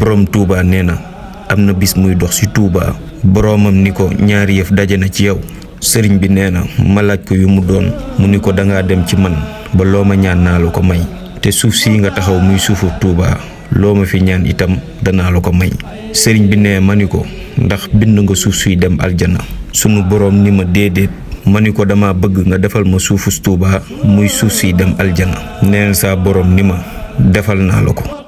borom touba nena, amna bis muy dox ci touba boromam niko ñaar yef yëf na ci yow serigne bi neena ma laaj ko yu mu mu niko da nga dem ci man ba loo ñaan na lu ko may te suuf si nga taxaw muy suufu touba loo fi ñaan itam na lu ko may serigne bi neena maniko ndax bind nga suuf suy dem aljana sunu borom ni ma déedéet maniko dama bëgg nga defal ma suufu touba muy suuf si dem aljana neena sa borom ni ma defal na lu ko